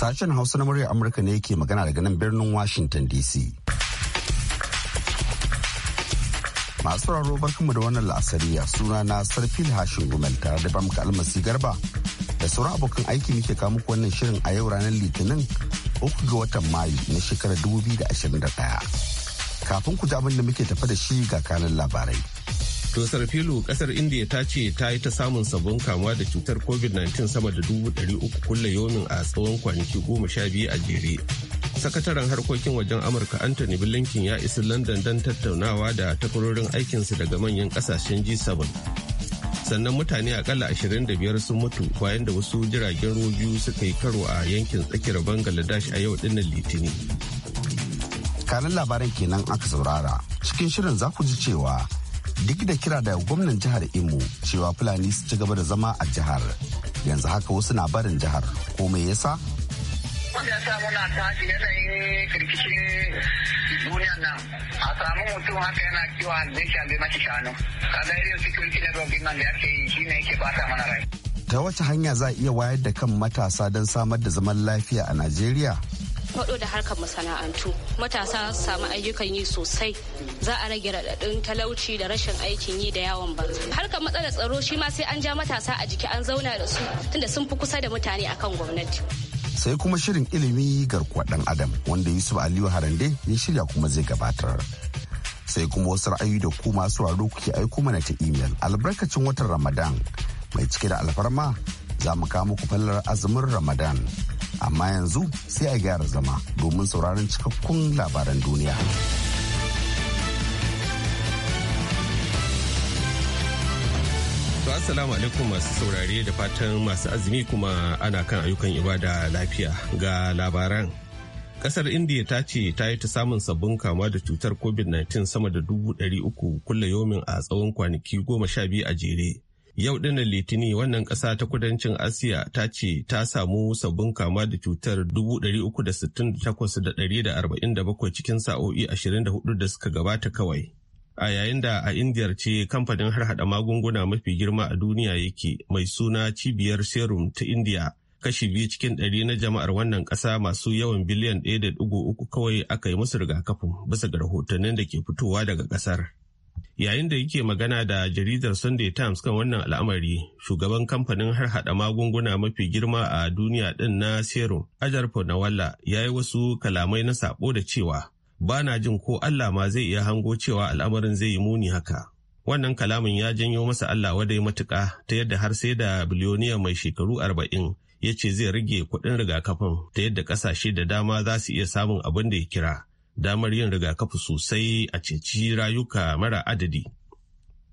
Sashen Hausa na muryar Amurka ne yake magana daga nan birnin Washington DC. Masu sauraro barkanmu da wannan la'asariya suna na Sarfil Hashin Gumel tare da muka Almasi Garba da sauran abokan aiki muke kawo muku wannan shirin a yau ranar Litinin uku ga watan Mayu na shekarar 2021. Kafin ku ji abin da muke tafa da shi ga kanan labarai. tosar filu kasar india ta ce ta yi ta samun sabon kamuwa da cutar covid-19 sama da dubu ɗari uku kulle yomin a tsawon kwanaki goma sha biyu a jere sakataren harkokin wajen amurka anthony blinken ya isa london don tattaunawa da takwarorin aikinsa daga manyan kasashen g7 sannan mutane akalla biyar sun mutu bayan da wasu jiragen ruwa biyu suka yi karo a yankin tsakiyar bangladesh a yau dinnan litinin kanin labaran kenan aka saurara cikin shirin za ku ji cewa duk da kira da gwamnan jihar Imo cewa Fulani su ci gaba da zama a jihar. Yanzu haka wasu na barin jihar ko me yasa? Wanda ya samu na tashi yanayin kirkishin duniya nan a samu mutum haka yana kiwa zai shabe mashi shanu. Kaga irin security network din nan da ake yi shine yake bata mana rai. Ta wace hanya za a iya wayar da kan matasa don samar da zaman lafiya a Najeriya? Faɗo da harkar masana'antu matasa su samu ayyukan yi sosai za a rage raɗaɗin talauci da rashin aikin yi da yawon banza harkar matsalar tsaro shi ma sai an ja matasa a jiki an zauna da su tunda sun fi kusa da mutane akan gwamnati sai kuma shirin ilimi garkuwa ɗan adam wanda yusuf aliyu harande ya shirya kuma zai gabatar sai kuma wasu ra'ayi da ku masu raro ke aiko mana ta imel albarkacin watan ramadan mai cike da alfarma za mu kawo muku fallar azumin ramadan amma yanzu sai a gyara zama domin sauraron cikakkun labaran duniya. Assalamu alaikum masu saurare da fatan masu azumi kuma ana kan ayyukan ibada lafiya ga labaran. Kasar Indiya ta ce ta yi ta samun sabbin kama da cutar COVID-19 sama da dubu uku kulle yomin a tsawon kwanaki goma sha biyu a jere. Yau ɗinnan Litini wannan ƙasa ta kudancin Asiya ta ce ta samu sabbin kama da cutar 368,147 cikin sa'o'i 24 da suka gabata kawai. A yayin da a Indiyar ce kamfanin harhaɗa magunguna mafi girma a duniya yake mai suna cibiyar serum ta Indiya kashi biyu cikin ɗari na jama'ar wannan ƙasa masu yawan biliyan ɗaya da uku kawai aka yi musu rigakafin bisa ga rahotannin da ke fitowa daga ƙasar. Yayin da yake magana da jaridar Sunday Times kan wannan al'amari, shugaban kamfanin har hada magunguna mafi girma a duniya din na Serum, Ajar Fonawalla ya yi wasu kalamai na sabo da cewa, ba na jin ko Allah ma zai iya hango cewa al'amarin zai yi muni haka. Wannan kalamin ya janyo masa Allah wadai matuƙa ta yadda har sai da biliyoniya mai shekaru arba'in ya ce zai rage kuɗin rigakafin ta yadda ƙasashe da dama za su iya samun abin da ya kira damar yin rigakafi sosai a ceci rayuka mara adadi.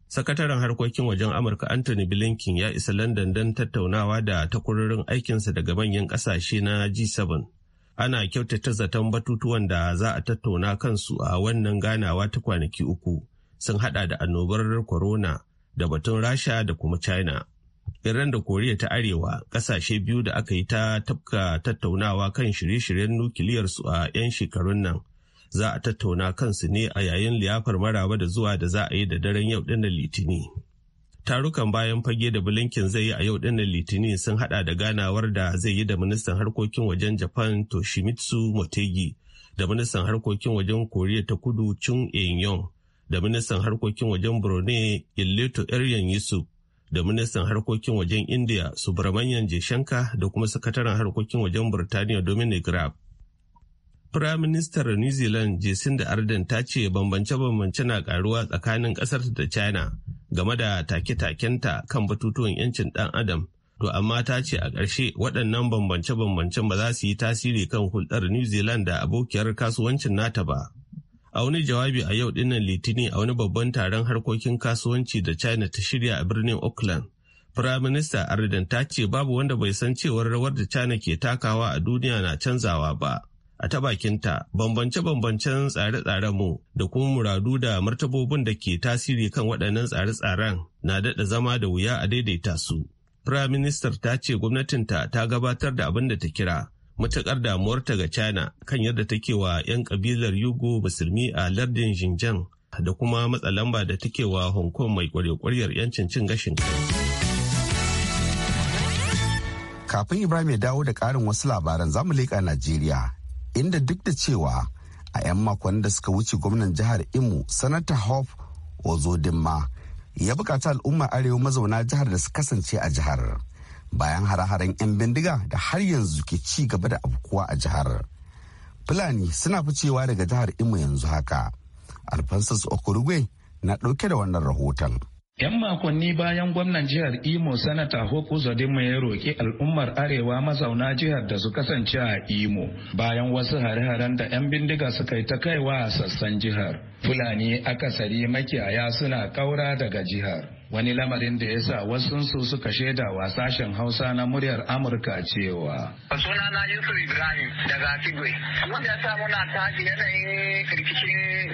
Sakataren harkokin wajen Amurka Anthony Blinken ya isa London don tattaunawa da takwarorin aikinsa daga manyan ƙasashe na G7. Ana kyautata zaton batutuwan da za a tattauna kansu a wannan ganawa ta kwanaki uku sun hada da annobar corona da batun Rasha da kuma China. Iran da Koriya ta Arewa ƙasashe biyu da aka yi ta tafka tattaunawa kan shirye-shiryen nukiliyarsu a 'yan shekarun nan. za a tattauna kansu ne a yayin liyafar maraba da zuwa da za a yi da daren yau dinnan litini. Tarukan bayan fage da Blinken zai yi a yau dinnan litini sun hada da ganawar da zai yi da ministan harkokin wajen Japan Toshimitsu Motegi da ministan harkokin wajen Koriya ta Kudu Chung Eun-yong da ministan harkokin wajen Brunei Illeto Eryan Yusuf da ministan harkokin wajen India Subramanian Jeshanka da kuma sakataren harkokin wajen Burtaniya Dominic Raab. Firaministar New Zealand Jacinda Ardern ta ce bambance-bambance na karuwa tsakanin ƙasar da China game da take-takenta kan batutuwan 'yancin ɗan adam. To amma ta ce a ƙarshe waɗannan bambance-bambancen ba za su yi tasiri kan hulɗar New Zealand da abokiyar kasuwancin nata ba. A wani jawabi a yau ɗinnan Litini a wani babban taron harkokin kasuwanci da China ta shirya a birnin Auckland. Firaminista Arden ta ce babu wanda bai san cewar rawar da China ke takawa a duniya na canzawa ba. a ta bakinta bambance-bambancen tsare tsaren mu da kuma muradu da martabobin da ke tasiri kan waɗannan tsare-tsaren na daɗa zama da wuya a daidaita su. Prime Minister ta ce gwamnatinta ta gabatar da abin da ta kira matuƙar damuwarta ga China kan yadda take wa 'yan kabilar Yugo Musulmi a lardin Xinjiang da kuma matsa lamba da take wa Hong Kong mai kwarekwaryar 'yancin cin gashin kai. Kafin Ibrahim ya dawo da ƙarin wasu labaran zamu leƙa Najeriya inda duk da cewa a 'yan makon da suka wuce gwamnan jihar Imu. sanata hope dimma ya bukaci al'umma arewa mazauna jihar da su kasance a jihar bayan hare-haren 'yan bindiga da har yanzu ke ci gaba da afkuwa a jihar fulani suna ficewa daga jihar imo yanzu haka alfansas okurugwe na dauke da wannan rahoton. 'Yan makonni bayan gwamnan jihar Imo Sanata Hoku Uzodinma ya roƙi al'ummar Arewa mazauna jihar da su kasance a Imo bayan wasu hare-haren da 'yan bindiga suka yi ta kaiwa a sassan jihar. Fulani akasari makiyaya suna ƙaura daga jihar. Wani lamarin da ya sa wasunsu suka shaida wa sashen Hausa na muryar Amurka cewa. Sunana Yusuf Ibrahim daga Tigwe, wanda ya sa muna tashi yanayin rikicin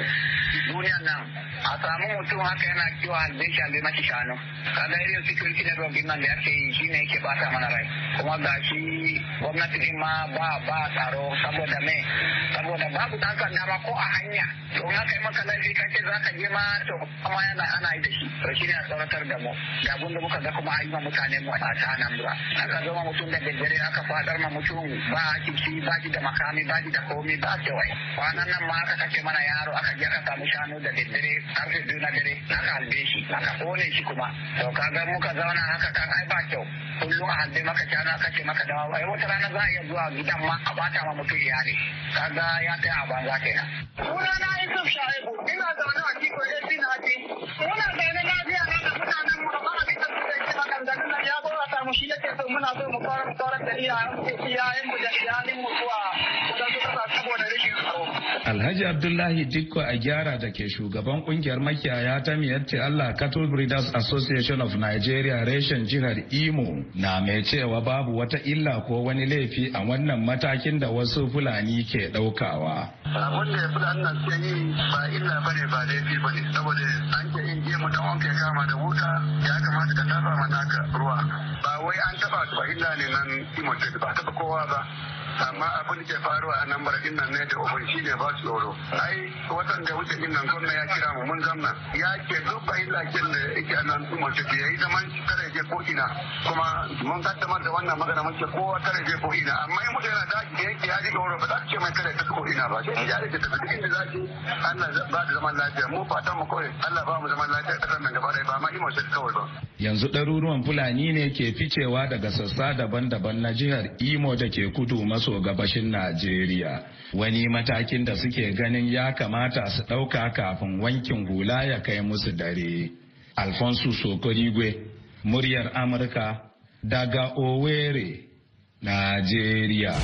duniya nan a samu mutum haka yana kiwa halbe shi halbe mashi shanu kaga irin security network din nan da ake yi shine yake bata mana rai kuma ga shi gwamnati din ma ba ba tsaro saboda me saboda babu dan sanda ma ko a hanya to in aka yi maka laifi kan ce za ka je ma to kuma yana ana yi da shi to shine a tsoratar da mu da abin muka ga kuma a yi ma mutane mu a ta ba aka zama mutum da daddare aka fadar ma mutum ba kici ba da makami ba da komi, ba kewai kwanan nan ma aka kace mana yaro aka je aka samu shanu da daddare karfe biyu na dare ka halbe shi ka kone shi kuma to ga muka zauna haka ka ai ba kyau kullum a halbe maka shana kace maka dawa ai wata rana za a iya zuwa gidan ma a bata ma mutum ka ga ya kai a banza kenan sunana Yusuf Shaibu ina zaune a Kiko Esi na ce muna zaune lafiya na da mutanen mu amma abin da suka ce maganganun nan ya gora ta mu shi ke so muna so mu fara mu fara da iyayen mu da iyalin mu zuwa su Alhaji Abdullahi Dikko a gyara da ke shugaban kungiyar makiyaya ta miyarci Allah Cattle Breeders Association of Nigeria reshen jihar Imo na mai cewa babu wata illa ko wani laifi a wannan matakin da wasu Fulani ke ɗaukawa. Abin da ya fi ke yi ba illa ba ne ba laifi ba ne saboda an ke yin gemu don wanke kama da wuta ya kamata ka tafa mana ruwa ba wai an taba ba illa ne nan Imo ba taba kowa ba. amma abin da ke faruwa a nan bar nan ne da ofin shi ne ba su tsoro ai watan da wuce din nan gwamna ya kira mu mun zanna ya ke duba illa kin da yake nan kuma ta ke yayi zaman kare je ko ina kuma mun kaddamar da wannan magana mun ce kowa kare je ko ina amma in mutum yana daki da yake ya ji tsoro ba za ce mai kare ta ko ina ba sai ya rike ta duk inda za ki Allah ba da zaman lafiya mu fatan mu kawai Allah ba mu zaman lafiya kasar nan gaba ɗaya ba ma imo shi kawai ba yanzu ɗaruruwan fulani ne ke ficewa daga sassa daban-daban na jihar imo da ke kudu maso maso gabashin Najeriya. Wani matakin da suke ganin ya kamata su ɗauka kafin wankin hula ya kai musu dare. Alfonso Sokorigwe, muryar Amurka, daga Owerri, Najeriya.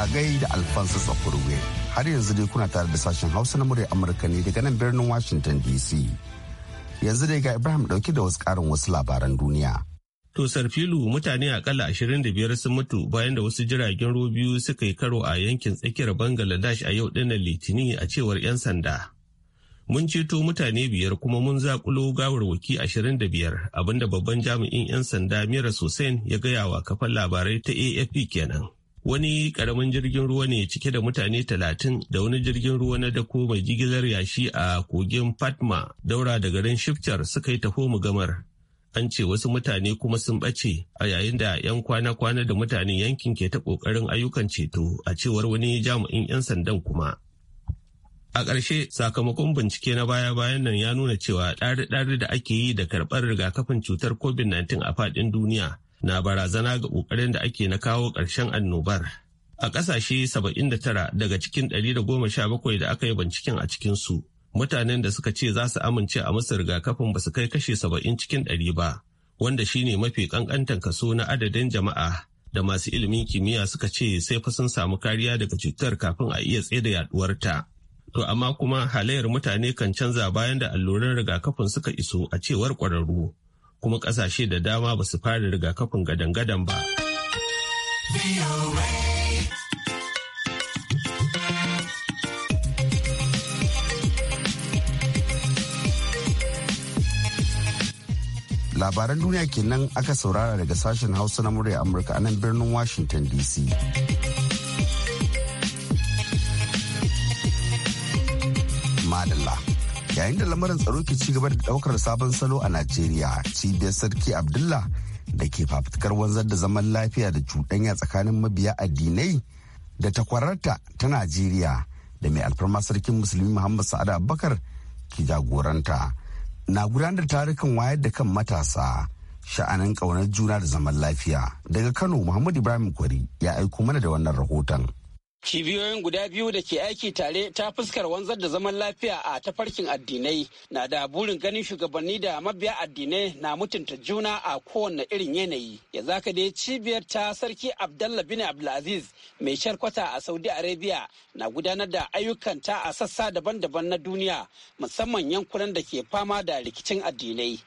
a gai da alfonso Har yanzu dai kuna tare da sashen Hausa na muryar Amurka ne daga nan birnin Washington DC. yanzu dai ga ibrahim dauke da wasu karin wasu labaran duniya to sarfilu mutane akalla biyar sun mutu bayan da wasu jiragen ruwa biyu suka yi karo a yankin tsakiyar bangladesh a yau dinnan litinin a cewar 'yan sanda mun ceto mutane biyar kuma mun zakulo gawarwaki 25 abinda babban jami'in 'yan sanda mira hussein ya gaya wa kafan labarai ta afp kenan wani karamin jirgin ruwa ne cike da mutane talatin da wani jirgin ruwa na dako mai jigilar yashi a kogin fatma daura da garin Shifcar suka yi taho gamar, an ce wasu mutane kuma sun ɓace a yayin da 'yan kwana-kwana da mutane yankin ke ta kokarin ayyukan ceto a cewar wani jami'in 'yan sandan kuma a ƙarshe sakamakon bincike na baya-bayan nan ya nuna cewa ɗari-ɗari da ake yi da karɓar rigakafin cutar covid-19 a faɗin duniya na barazana ga ƙoƙarin da ake na kawo ƙarshen annobar. A ƙasashe 79 daga cikin 117 da aka yi binciken a cikinsu, mutanen da suka ce za su amince a musu rigakafin ba su kai kashe 70 cikin 100 ba, wanda shi ne mafi ƙanƙantan kaso na adadin jama'a da masu ilimin kimiyya suka ce sai fa sun samu kariya daga cutar kafin a iya da yaduwarta. To amma kuma halayyar mutane kan canza bayan da alluran rigakafin suka iso a cewar ƙwararru. kuma kasashe da dama ba su fara rigakafin gadan-gadan ba. Labaran duniya kenan aka saurara daga sashen Hausa na murya Amurka a nan birnin Washington DC. Madalla. yayin da lamarin tsaro ke ci gaba da daukar sabon salo a najeriya cibiyar sarki abdullah da ke fafutukar wanzar da zaman lafiya da cuɗanya tsakanin mabiya addinai da takwararta ta najeriya da mai alfarma sarkin musulmi muhammad sa'ad abubakar ke jagoranta na gudanar da tarukan wayar da kan matasa sha'anin ƙaunar juna da zaman lafiya daga kano muhammad ibrahim kwari ya aiko mana da wannan rahoton Cibiyoyin guda biyu da ke aiki tare ta fuskar wanzar da zaman lafiya a tafarkin addinai na da burin ganin shugabanni da mabiya addinai na mutunta juna a kowane irin yanayi. Ya zaka dai cibiyar ta sarki Abdallah bin Abdulaziz mai sharkwata a Saudi Arabia na gudanar da ayyukanta a sassa daban-daban na duniya musamman yankunan da ke fama da rikicin addinai.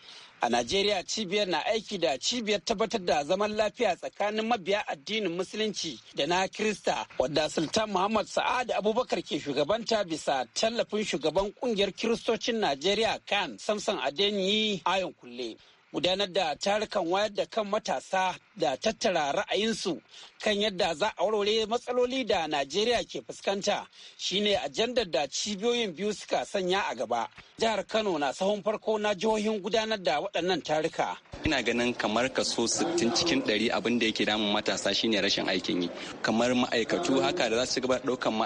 A Najeriya cibiyar na aiki da cibiyar tabbatar da zaman lafiya tsakanin mabiya addinin Musulunci da na Kirista wadda Sultan Muhammad Sa'ad Abubakar ke shugabanta bisa tallafin shugaban kungiyar Kiristocin Najeriya kan Samson Adeniyi Ayon Kulle. gudanar da tarukan wayar da kan matasa da tattara ra'ayinsu kan yadda za a warware matsaloli da najeriya ke fuskanta shine ajandar da cibiyoyin biyu suka sanya a gaba jihar kano na sahun farko na jihohin gudanar da waɗannan taruka ina ganin kamar kaso 60 cikin 100 abin da yake damun matasa shine rashin aikin yi kamar ma'aikatu haka da za su gaba ɗaukan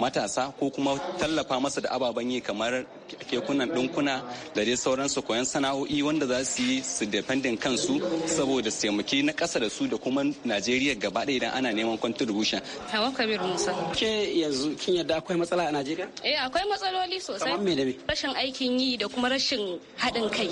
matasa ko kuma tallafa masa da ababen yi kamar kekunan dinkuna da dai sauransu koyan sana'o'i wanda za su yi su dependin kansu saboda su taimaki na ƙasa da su da kuma najeriya gaba ɗaya idan ana neman contribution hawa kabir musa ke yanzu kin yadda akwai matsala a najeriya eh akwai matsaloli sosai kamar me da me rashin aikin yi da kuma rashin haɗin kai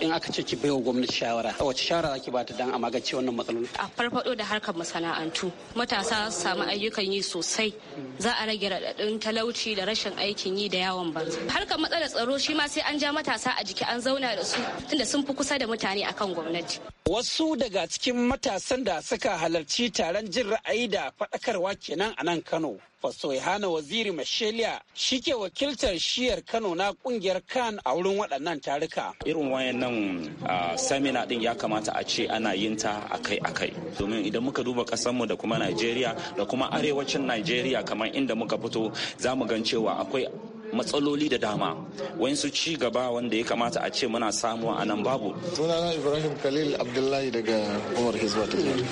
in aka ce ki baiwa gwamnati shawara wace shawara ki ba ta dan a magance wannan matsaloli a farfado da harkar masana'antu matasa su samu ayyukan yi sosai za a rage raɗaɗin talauci da rashin aikin yi da yawon banza harkar matsalar tsaro shi ma sai an ja matasa a jiki an zauna da su tunda sun fi kusa da mutane akan gwamnati wasu daga cikin matasan da suka halarci taron jin ra'ayi da faɗakarwa kenan a nan kano Fasoihana Waziri Mashelia shi ke wakiltar shiyar Kano na kungiyar Kan a wurin waɗannan taruka. Irin wayannan ah, samina ɗin ya kamata a ce ana yin ta akai-akai. Domin idan muka duba ƙasarmu da kuma Najeriya da kuma arewacin Najeriya kamar inda muka fito za mu gan cewa akwai matsaloli da dama wayansu ci gaba wanda ya kamata a ce muna samu a nan babu sunana ibrahim khalil abdullahi daga umar hizba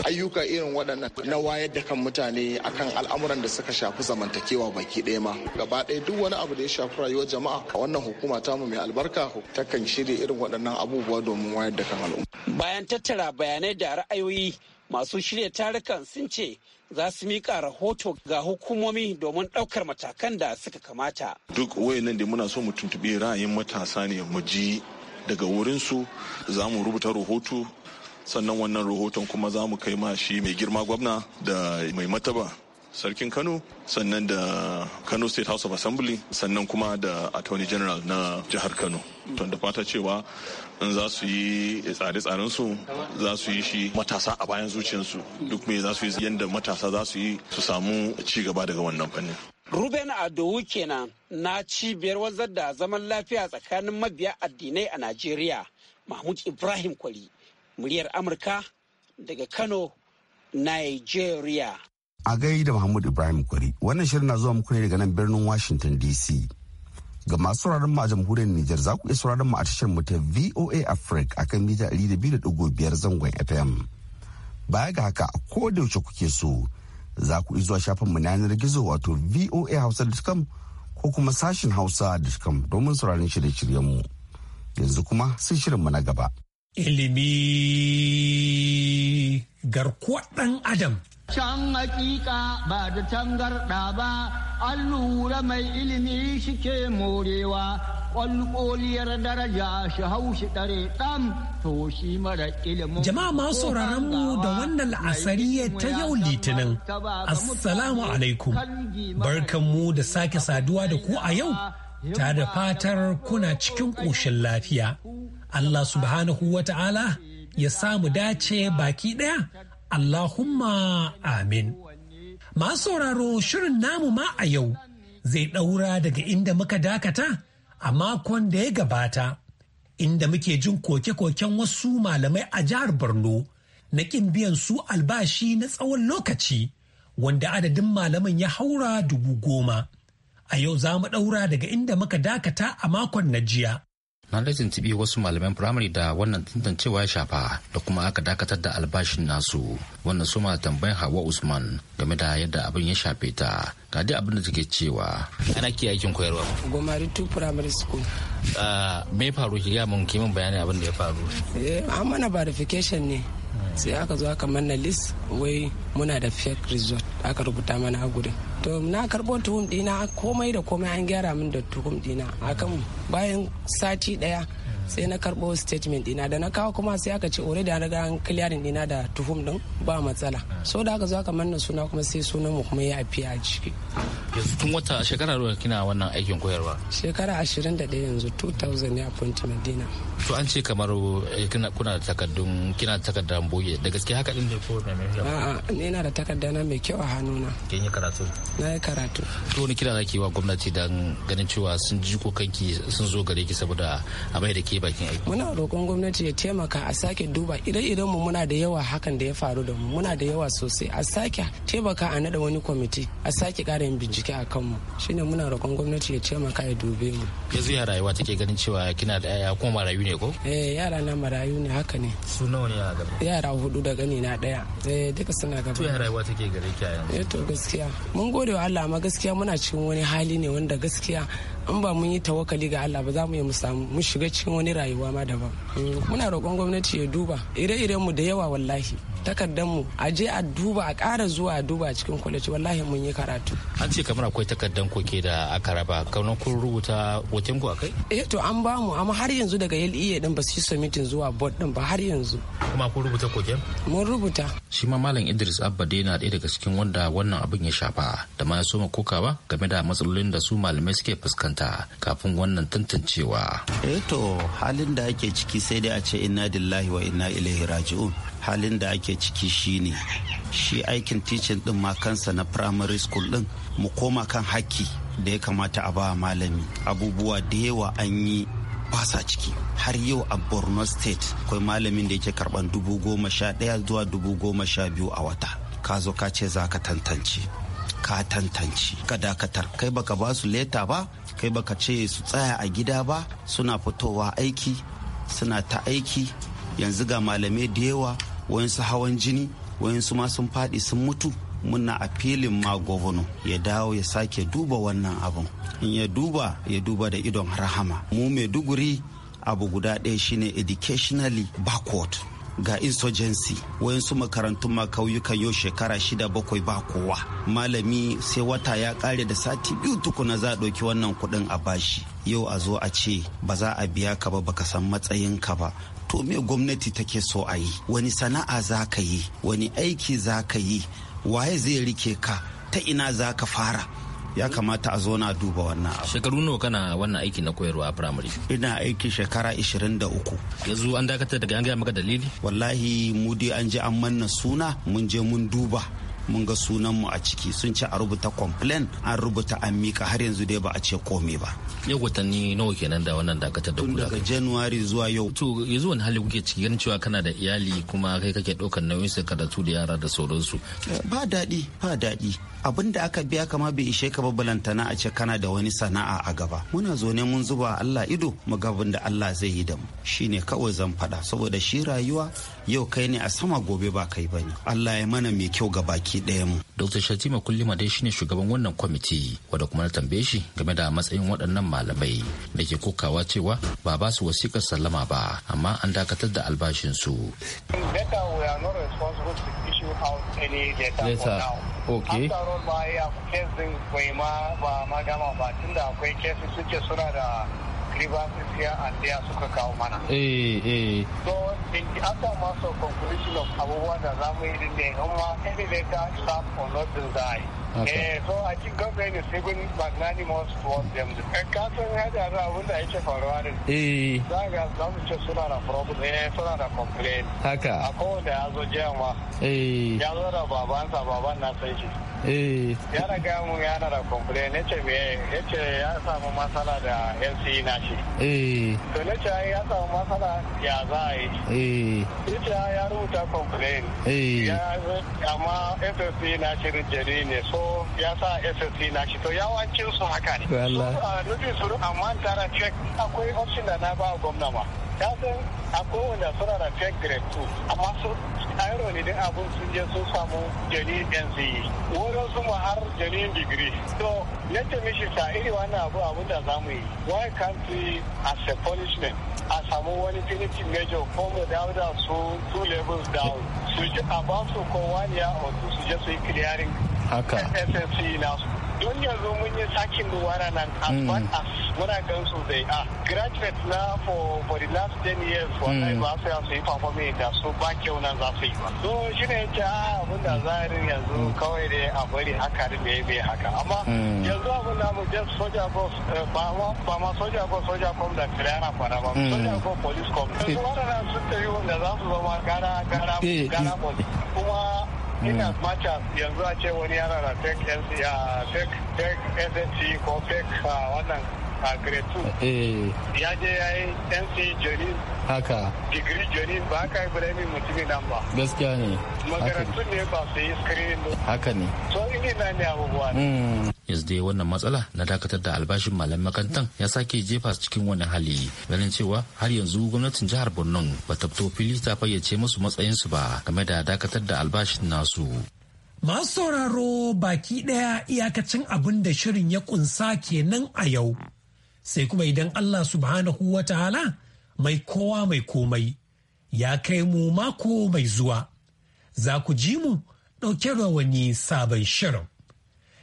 ayyuka irin waɗannan na wayar da kan mutane akan al'amuran da suka shafi zamantakewa baki ɗaya ma gaba ɗaya duk wani abu da ya shafi rayuwar jama'a a wannan hukuma mu mai albarka takan shirya irin waɗannan abubuwa domin wayar da kan al'umma bayan tattara bayanai da ra'ayoyi masu shirya tarukan sun ce za su mika rahoto ga hukumomi domin ɗaukar matakan da suka kamata. Duk wayannan da muna so mu tuntuɓi ra'ayin matasa ne mu ji daga wurinsu za mu rubuta rahoto sannan wannan rahoton kuma za mu kai ma shi mai girma gwamna da mai mataba sarkin kano sannan da kano state house of assembly sannan kuma da attorney general na jihar kano to da fata cewa in za su yi tsare-tsarensu za su yi shi matasa a bayan zuciyarsu duk me za su yi yadda matasa za su yi su samu ci gaba daga wannan fannin Ruben Adowu kenan na cibiyar wanzar da zaman lafiya tsakanin mabiya addinai a Najeriya, Mahmud Ibrahim Kwari, muryar Amurka daga Kano, Nigeria. a gai da Muhammadu Ibrahim Kwari. Wannan shirin na zuwa muku ne daga nan birnin Washington DC. Ga masu sauraron mu a jamhuriyar Nijar za ku iya sauraron mu a tashar mu ta VOA Africa a kan mita 200.5 zangon FM. Baya ga haka ko da yaushe kuke so za ku iya zuwa shafin mu na yanar gizo wato voahausa.com ko kuma sashin hausa.com domin sauraron shirye-shiryen mu. Yanzu kuma sai shirin mu na gaba. Ilimi garkuwa ɗan Adam. Can hakika ba da tangarɗa ba, an lura mai ilimi shike morewa, ƙwalƙoliyar daraja shi haushi shi ɗare ɗan to shi mara ilimin. Jama'a ma sauraron mu da wannan la'asariya ta yau litinin. Assalamu alaikum. Barkan mu da sake saduwa da ku a yau, ta da fatar kuna cikin koshin lafiya. Allah subhanahu wa ta'ala ya samu dace baki ɗaya. Allahumma amin. Masu sauraro shirin namu ma a yau zai ɗaura daga inda muka dakata a makon da ya gabata, inda muke jin koke-koken wasu malamai a jihar Borno na ƙin biyan su albashi na tsawon lokaci, wanda adadin malaman ya haura dubu goma. A yau za mu ɗaura daga inda muka dakata a makon na jiya. na da wasu malaman firamare da wannan tantancewa ya shafa da kuma aka dakatar da albashin nasu wannan su ma tambayan hawa usman game da yadda abin ya shafe ta ga dai abin da take cewa ana ke aikin koyarwa gomari tu primary school ah, me faru ki ga mun kimin bayani abin da ya faru eh an mana verification ne sai aka zo aka manna list wai muna da fake resort aka rubuta mana a gudun to na karɓo tuhum dina komai da komai an gyara min da tuhum dina akan bayan sati daya sai na karɓo statement dina da na kawo kuma sai aka ce already an riga an clearing dina da tuhum din ba matsala so da aka zo aka manna suna kuma sai sunan mu kuma ya afiya a ciki yanzu tun wata shekara ruwa kina wannan aikin koyarwa shekara 21 yanzu 2000 ne appointment dina to an ce kamar eh, kina kuna da takardun kina takardar boye da gaske haka din da ko na mai a'a ne na da takarda na mai kyau a hannuna kin yi karatu na yi karatu to ni kira zaki wa gwamnati dan ganin cewa sun ji kokanki sun zo gare ki saboda a da ke bakin aiki muna roƙon gwamnati ya taimaka a sake duba ire idan mu muna da yawa hakan da ya faru da mu muna da yawa sosai a sake taimaka a nada wani kwamiti a sake ƙara yin bincike a kanmu shine muna roƙon gwamnati ya taimaka ya dube mu yanzu ya rayuwa take ganin cewa kina da yaya kuma marayu ne ko eh yara na marayu ne haka ne su nawa ne yara gaba yara hudu da gani na ɗaya eh duka suna gaba to ya rayuwa take gare ki yanzu eh to gaskiya mun gode wa Allah amma gaskiya muna cikin wani hali ne wanda gaskiya in ba mun yi tawakali ga Allah ba za mu yi mu samu mu shiga cikin wani rayuwa ma daban muna roƙon gwamnati ya duba ire-iren mu da yawa wallahi takardar mu a je a duba a ƙara zuwa a duba cikin kwalaci wallahi mun yi karatu an ce kamar akwai ku ke da aka raba kaunar kun rubuta hoton ku akai eh to an ba mu amma har yanzu daga LEA din ba su yi submitting zuwa board din ba har yanzu kuma kun rubuta koken mun rubuta shi ma malam Idris Abba dai na ɗaya daga cikin wanda wannan abin ya shafa da ma ya soma kokawa game da matsalolin da su malamai suke fuskanta kafin wannan tantancewa. Eh to halin da ake ciki sai dai a ce inna dillahi wa inna ilaihi raji'un halin da ake ciki shine shi aikin ticin din ma kansa na primary school din mu koma kan haƙƙi da ya kamata a ba malami abubuwa da yawa an yi basa ciki har yau a borno state akwai malamin da yake karban dubu goma sha ɗaya zuwa dubu goma sha biyu a wata ka zo ka ce za ka tantance ka tantance ka dakatar kai baka ba su leta ba kai baka ce su tsaya a gida ba suna fitowa aiki suna ta aiki yanzu ga malamai da yawa wayansu hawan jini wayansu ma sun faɗi sun mutu muna a filin ma gwamna ya dawo ya sake duba wannan abun in ya duba ya duba da idon rahama mu duguri abu guda ɗaya shine educationally backward ga insurgency wayansu makarantun ma kauyukan yau shekara shida bakwai ba kowa malami sai wata ya kare da sati biyu tukuna za a ɗauki wannan kuɗin a bashi yau a zo a ce ba za a biya ka ba baka san matsayin ka ba to me gwamnati take so a yi wani sana'a za ka yi wani aiki za ka yi waye zai rike ka ta ina za ka fara ya kamata a zo na duba wannan abu shekaru nawa kana wannan aiki na koyarwa a primary ina aiki shekara 23 yanzu an dakatar daga an gaya maka dalili wallahi mu dai an je an manna suna mun je mun duba mun ga sunan mu a ciki sun ce a rubuta complain an rubuta an mika har yanzu dai ba a ce komai ba yau watanni nawa kenan da wannan dakatar da kula daga january zuwa yau to yanzu wani hali kuke ciki ganin cewa kana da iyali kuma kai kake ɗaukar nauyin sa karatu da yara da sauransu ba daɗi ba daɗi abin da aka biya kama bai ishe ka ba balantana a ce kana da wani sana'a a gaba muna zo ne mun zuba Allah ido mu ga abin da Allah zai yi da mu shine kawai zan faɗa saboda shi rayuwa yau kai ne a sama gobe ba kai bane Allah ya mana mai kyau ga baki mu. Dr. Shatima Kullima dai shine shugaban wannan kwamiti wanda kuma na tambaye shi game da matsayin waɗannan malamai da ke kokawa cewa ba ba su wasikar sallama ba amma an dakatar da albashinsu. su. Okay. After all ba ya ba magama ba tunda akwai kesin suke suna da grievances and there suka kawo mana. Eh eh. So in the aftermath of conclusion of abubuwa da zamu yi din ne, in ma candidate stop or not die. Okay. Eh, so I think government is even magnanimous towards them. And da yake faruwa Eh. Za ga za mu ce suna da problem eh suna da complain. Haka. Eh. Eh. A kowanne ya zo jiya ma. Eh. Ya zo da babansa baban na shi. Eh. Ya mu yana da complain ya ce me ya ce ya samu matsala da NC na shi. Eh. To na ce ya samu matsala ya za a yi. Eh. Ya ce ya rubuta complain. Eh. Ya amma na shirin ne so ya sa SSC na shi to yawancin su haka ne. Nufin su ah, amma tara cek akwai option da na ba gwamna ma. na a kowane suna da fake grade 2 amma su irony din abun sun je sun samu jani nce wurin su ma har jani degree so na ce mishi sa iri wannan abu abun da za mu yi why can't we as a punishment a samu wani finishing major ko mu dawo da su two levels down su ji a ba su ko one year or two su je su yi clearing haka ssc nasu don yanzu mun yi sakin duwara nan as hmm. muna gan su dai a ah, graduate na for for the last ten years hmm. wallahi ba su su yi performing da su ba kyau nan za su yi ba so shi ne yake ah, a abin da zahirin yanzu hmm. kawai dai a bari haka da bai bai haka amma yanzu abin da mu just soja boss eh, ba ma ba ma soja boss soja com da kirana fara ba soja com police com eh. yanzu waɗannan sun tafi wanda za su zama gara gara eh, gara police kuma ina mata hmm. yanzu a ce wani yana na fake ah, ko fake ah, wannan a grade two. ya je ya yi nc jonin haka digiri jonin ba ka ibrahim mutumin nan ba gaskiya ne makarantun ne ba su yi screening haka ne so ini na ne abubuwa hmm. yanzu dai wannan matsala na dakatar da albashin malam makantan ya sake jefa su cikin wani hali ganin cewa har yanzu gwamnatin jihar borno ba ta fito fili ta fayyace musu matsayinsu ba game da dakatar da albashin nasu masu sauraro baki ɗaya iyakacin abin da shirin ya kunsa kenan a yau sai kuma idan Allah subhanahu wa ta'ala mai kowa mai komai ya kai mu mako mai zuwa za ku ji mu ɗauke da wani sabon shirin.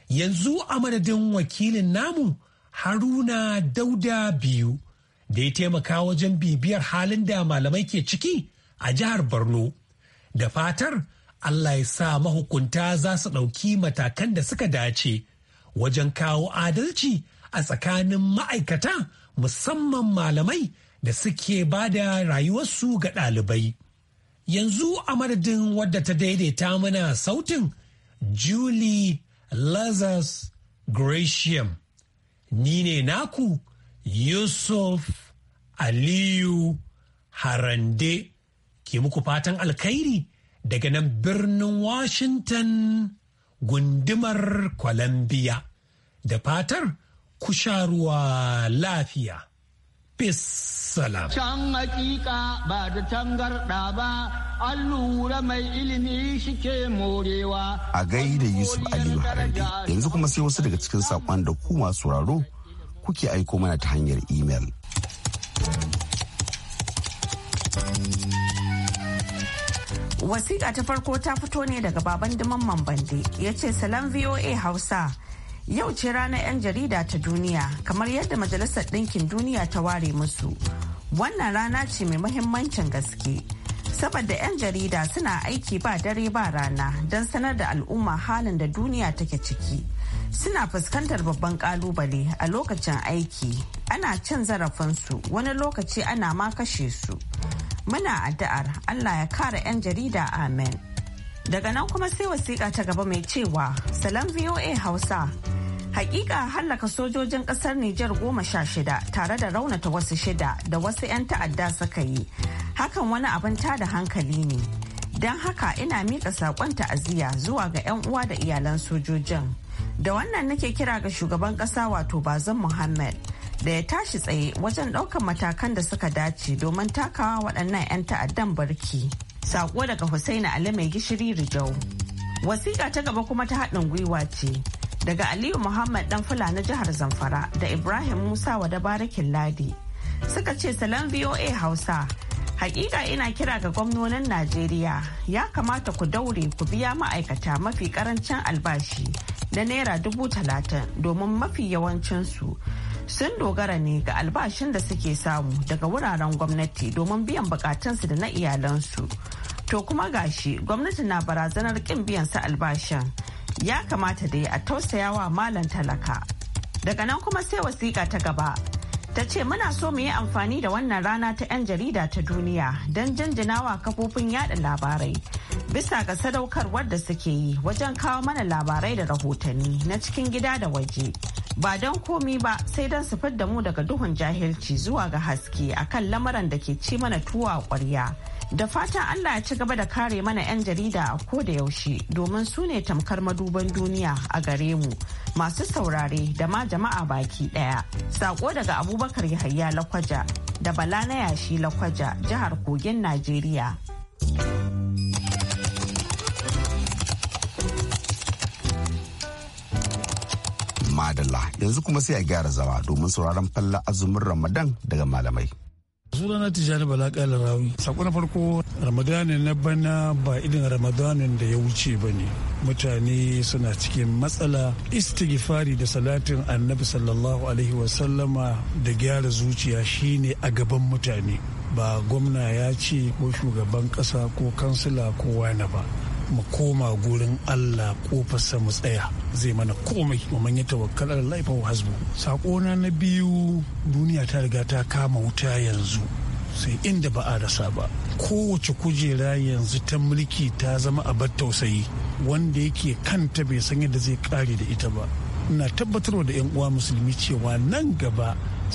Yanzu a madadin wakilin namu Haruna Dauda biyu da ya taimaka wajen bibiyar halin da malamai ke ciki a jihar Borno. Da fatar Allah ya sa mahukunta za su ɗauki matakan da suka dace wajen kawo adalci a tsakanin ma'aikata musamman malamai da suke ba da rayuwarsu ga ɗalibai. Yanzu a madadin wadda ta daidaita mana sautin Julie Lazarus Gratiam, ni ne naku Yusuf Aliyu Harande ke muku fatan alkhairi daga nan birnin Washington gundumar Columbia da fatar ku sha ruwa lafiya. Can hakika ba da tangarɗa ba, an lura mai ilimi shike morewa. A gai da Yusuf Aliyu Harande, yanzu kuma sai wasu daga cikin saƙon da ku masu sauraro kuke aiko mana ta hanyar imel. Wasiƙa ta farko ta fito ne daga baban Duman Mambande, ya ce salam VOA Hausa. Yau ce ranar 'yan jarida ta duniya kamar yadda Majalisar Ɗinkin Duniya ta ware musu. Wannan rana ce mai mahimmancin gaske. Saboda 'yan jarida suna aiki ba dare ba rana don sanar da al'umma halin da duniya take ciki. Suna fuskantar babban kalubale a lokacin aiki. Ana cin zarafinsu wani lokaci ana ma kashe su. Muna addu'ar Allah ya kara 'yan jarida amen. Daga nan kuma sai wasiƙa ta gaba mai cewa Salam VOA Hausa. Hakika hallaka sojojin kasar Nijar goma sha shida tare da raunata wasu shida da wasu 'yan ta'adda suka yi. Hakan wani abin da hankali ne. Don haka ina miƙa saƙon ta'aziyya zuwa ga 'yan uwa da iyalan sojojin. Da wannan nake kira ga shugaban ƙasa wato Bazan Muhammad. da ya tashi tsaye wajen ɗaukar matakan da suka dace domin takawa waɗannan 'yan ta'addan barki. Saƙo daga Hussaini Ali mai gishiri Rijau. Wasiƙa ta gaba kuma ta haɗin gwiwa ce. daga aliyu muhammad dan fulani jihar zamfara da ibrahim musa wada barakin ladi suka ce salon voa hausa hakika ina kira ga gwamnonin najeriya ya kamata ku daure ku biya ma'aikata mafi karancin albashi na naira dubu talatin domin mafi yawancinsu sun dogara ne ga albashin da suke samu daga wuraren gwamnati domin biyan bukatunsu da na iyalansu to kuma gashi gwamnati na barazanar kin biyan su albashin ya kamata dai a Tausaya wa malam talaka daga nan kuma sai wasiƙa ta gaba ta ce muna so mu yi amfani da wannan rana ta 'yan jarida ta duniya don jinjinawa kafofin yada labarai bisa ga sadaukarwar da suke yi wajen kawo mana labarai da rahotanni na cikin gida da waje ba don komi ba sai don su fidda mu daga duhun jahilci zuwa ga haske akan lamarin da ke ci mana tuwa a ƙwarya. Da fatan Allah ya ci gaba da kare mana 'yan jarida a ko da yaushe domin su ne tamkar maduban duniya a gare mu masu saurare da ma jama'a baki daya. Sako daga Abubakar Yahaya Lakwaja da Bala na yashi Lakwaja jihar Kogin Najeriya. Madalla yanzu kuma sai a gyara zama domin sauraron falla azumin Ramadan daga malamai. sunana tijjani bala ƙalar sako na farko ramadani na bana ba irin ramadanin da ya wuce ba ne mutane suna cikin matsala istighfari da salatin annabi sallallahu alaihi wasallama da gyara zuciya shine a gaban mutane ba gwamna ya ce ko shugaban ƙasa ko kansila ko wani ba mu koma gurin Allah kofarsa mu tsaya zai mana komai mu manya tawakkal Allah fa hasbu sakona na biyu duniya ta riga ta kama wuta yanzu sai inda ba a rasa ba kowace kujera yanzu ta mulki ta zama bar tausayi wanda yake kanta bai san yadda zai kare da ita ba Ina tabbatar da 'yan uwa musulmi cewa nan gaba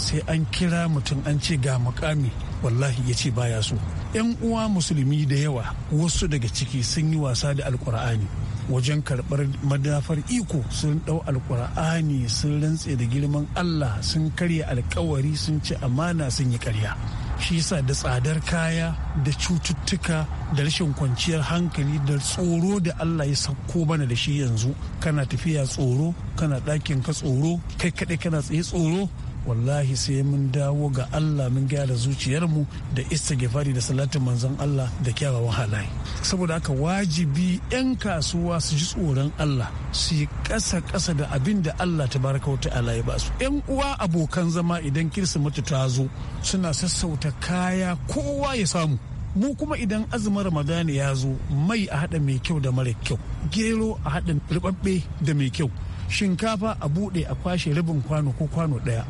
sai an kira mutum an ce ga mukami wallahi ya ce baya so yan uwa musulmi da yawa wasu daga ciki sun yi wasa da alkur'ani wajen karɓar madafar iko sun ɗau alkur'ani sun rantse da girman allah sun karya alkawari sun ci amana sun yi karya shi yasa da tsadar kaya da cututtuka da rashin kwanciyar hankali da tsoro da Allah ya sauko bana da shi yanzu kana tafiya tsoro kana ɗakin ka tsoro kai kaɗai kana tsaye tsoro wallahi sai mun dawo ga Allah mun gyara zuciyarmu da istighfari da salatin manzon Allah da kyawawan halaye saboda haka wajibi 'yan kasuwa su ji tsoron Allah su yi ƙasa ƙasa da abin da Allah ta baraka wa ta'ala ya basu 'yan uwa abokan zama idan kirsimeti ta zo suna sassauta kaya kowa ya samu mu kuma idan azumin ramadani ya zo mai a haɗa mai kyau da mara kyau gero a haɗa riɓaɓɓe da mai kyau shinkafa a buɗe a kwashe rabin kwano ko kwano ɗaya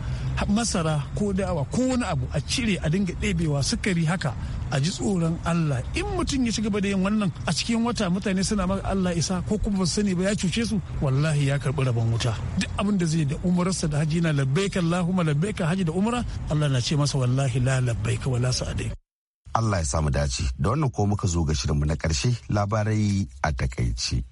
masara ko dawa ko wani abu a cire a dinga ɗebewa sukari haka a ji tsoron Allah in mutum ya ci gaba da yin wannan a cikin wata mutane suna maka Allah isa ko kuma ba sani ba ya cuce su wallahi ya karbi rabon wuta duk abin da zai da umararsa da haji na labbaika Allahumma labbaika haji da umra Allah na ce masa wallahi la labbaika wala sa'adai Allah ya samu dace da wannan ko muka zo ga shirinmu na karshe labarai a takaice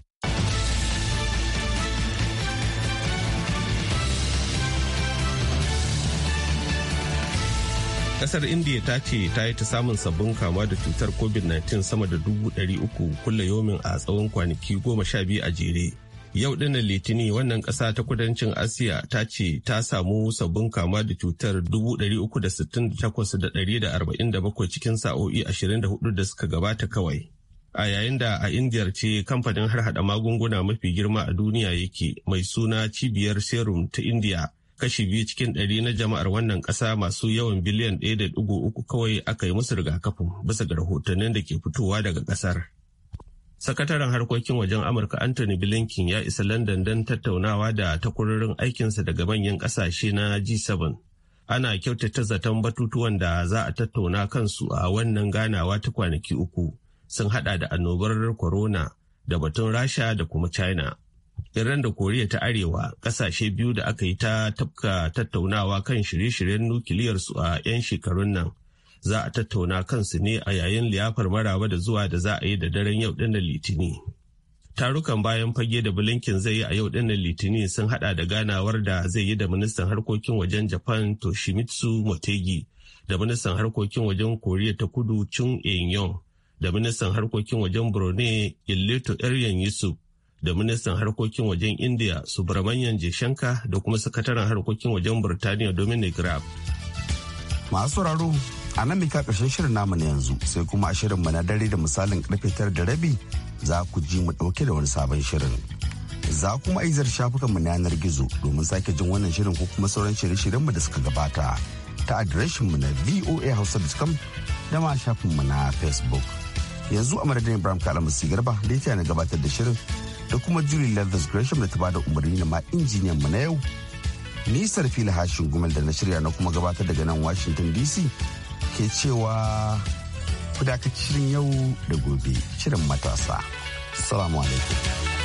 kasar india ta ce ta yi ta samun sabbin kama da cutar covid-19 sama da dubu ɗari uku kula yomin a tsawon kwanaki goma sha biyu a jere yau dinnan litini wannan ƙasa ta kudancin asiya ta ce ta samu sabbin kama da cutar dubu ɗari uku da sittin da takwas da ɗari da arba'in da bakwai cikin sa'o'i ashirin da hudu da suka gabata kawai a yayin da a indiyar ce kamfanin harhaɗa magunguna mafi girma a duniya yake mai suna cibiyar serum ta indiya kashi biyu cikin ɗari na jama'ar wannan ƙasa masu yawan biliyan ɗaya da ɗigo uku kawai aka yi musu rigakafin bisa ga rahotannin da ke fitowa daga ƙasar. Sakataren harkokin wajen Amurka Anthony Blinken ya isa London don tattaunawa da takwarorin aikinsa daga manyan ƙasashe na G7. Ana kyautata zaton batutuwan da za a tattauna kansu a wannan ganawa ta kwanaki uku sun hada da annobar corona da batun Rasha da kuma China. Iran da Koriya ta Arewa ƙasashe biyu da aka yi ta tafka tattaunawa kan shirye-shiryen nukiliyar su a 'yan shekarun nan. Za a tattauna kansu ne a yayin liyafar maraba da zuwa da za a yi da daren yau ɗin Litini. Tarukan bayan fage da Blinken zai yi a yau ɗin Litini sun haɗa da ganawar da zai yi da ministan harkokin wajen Japan Toshimitsu Motegi da ministan harkokin wajen Koriya ta Kudu Chung Eun-yong da ministan harkokin wajen Brunei Ileto Eryan Yusuf da ministan harkokin wajen india subramanian shanka da kuma sakataren harkokin wajen burtaniya dominic raab masu sauraro a nan mika karshen shirin namu na yanzu sai kuma a shirin na dare da misalin karfe tara da rabi za ku ji mu dauke da wani sabon shirin za kuma aizar shafukanmu na yanar gizo domin sake jin wannan shirin ko kuma sauran shirye-shiryenmu da suka gabata ta adireshin mu na hausa da ma shafinmu na facebook yanzu a madadin ibrahim kalamu garba da ita na gabatar da shirin da kuma Julie Leathers Gresham da ta ba da umarni da ma injiniyan mu na yau. Nisar fili hashin gumel da na shirya na kuma gabatar daga nan Washington DC ke cewa ku shirin yau da gobe shirin matasa. Salamu alaikum.